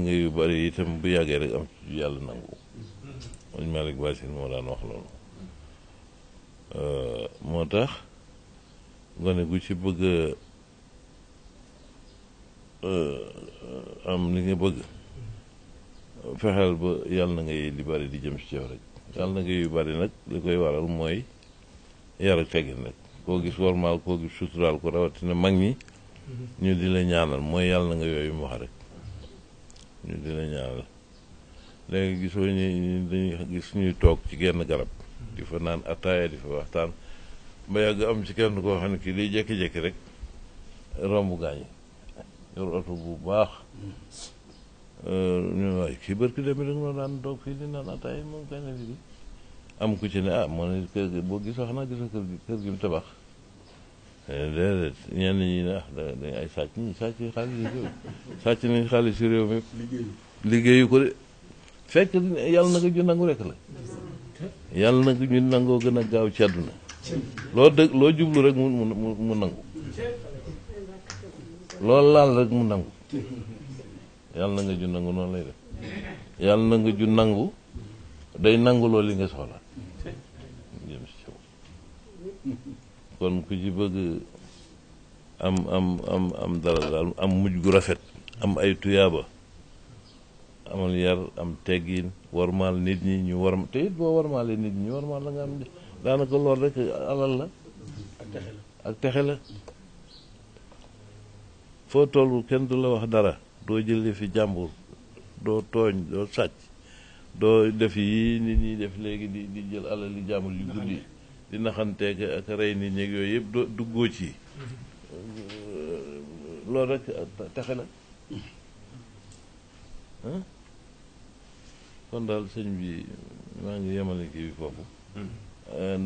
njëg yu bari itam bu yàggee rek am ci yàlla nangu man Malick Bassine moo daan wax loolu ee, moo tax gone gu ci bëgg ee, am li nga bëgg fexeel ba yàlla na ngay li bari di jëm ci yow rek yàlla na ngay yu bari nag li koy waral mooy yar ak teggin rek gis warmaal koo gis suturaal ko rawatina mag ñi ñu di la ñaanal mooy yàlla nga yooyu mu wax rek ñu dina ñaanal léegi gisoo ñu dañuy gis ñuy toog ci genn garab di fa naan ataaya di fa waxtaan ba yàgg am ci kenn koo xam ne kii day jékki-jékki rek romb gaañ yor oto bu baax ñu waay kii barki dem rek noonu daan toog naan ataaya am ku ci ne ah moo ne kër gi boo gis wax naa gis kër gi mu tabax déedéet ñenn ñi ne ah da ay sàcc ñi sàcc xaalis sàcc nañ xaalis si réew mi liggéeyu ko de fekk yàlla na ko ñu nangu rek la yàlla na ko ñu nangoo gën a gaaw ci na loo dëgg loo jublu rek mu mu mu nangu loolu laal rek mu nangu yàlla na nga ju nangu noonu lay def yàlla na nga ju nangu day nangu loolu li nga soxla kon ku ci bëgg am am am am dara daal am mujj gu rafet am ay tuyaaba amal yar am teggin warmaal nit ñi ñu war te it boo warmaalee nit ñi ñu warmaal la nga am daanaka lool rek alal la ak texe la foo tollu kenn du la wax dara doo jële fi jàmbur doo tooñ doo sàcc doo def yi nit ñi def léegi di di jël alal li jàmbur yu guddi di naxanteeg ak rey nit ñeeg yooyu yëpp doo duggoo ci mm-hmm. loolu rek uh, taxe na mm-hmm. kon daal sëñ bi maa ngi yemale kii bi foofu. Mm-hmm. Uh,